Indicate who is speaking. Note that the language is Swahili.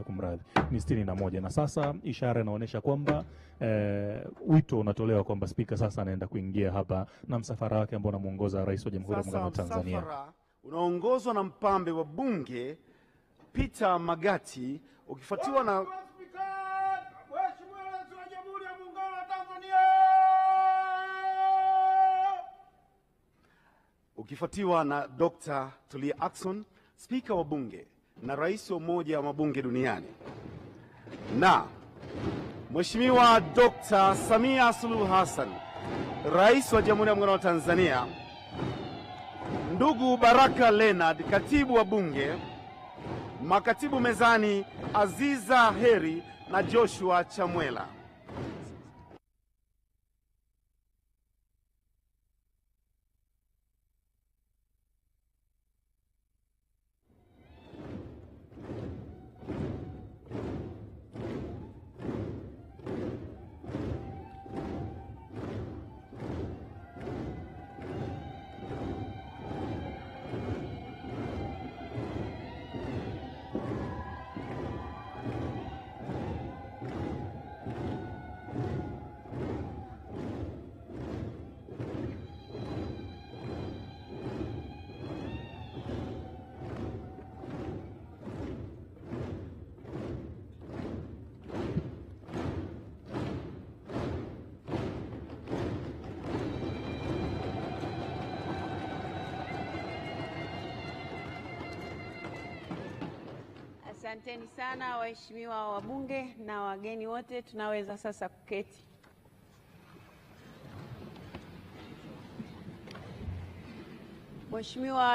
Speaker 1: kumradhi ni sitini na moja na sasa ishara inaonyesha kwamba eh, wito unatolewa kwamba spika sasa anaenda kuingia hapa na msafara wake ambao unamuongoza rais wa Jamhuri ya Muungano wa Tanzania. Msafara
Speaker 2: unaongozwa na mpambe wa bunge Peter Magati ukifuatiwa na ukifuatiwa na Dr. Tulia Ackson, spika wa bunge na rais wa umoja wa mabunge duniani na Mheshimiwa Dr. Samia Suluhu Hassan, rais wa Jamhuri ya Muungano wa Tanzania, ndugu Baraka Leonard, katibu wa Bunge, makatibu mezani Aziza Heri na Joshua Chamwela.
Speaker 3: Asanteni sana waheshimiwa wabunge na wageni wote, tunaweza sasa kuketi. Mheshimiwa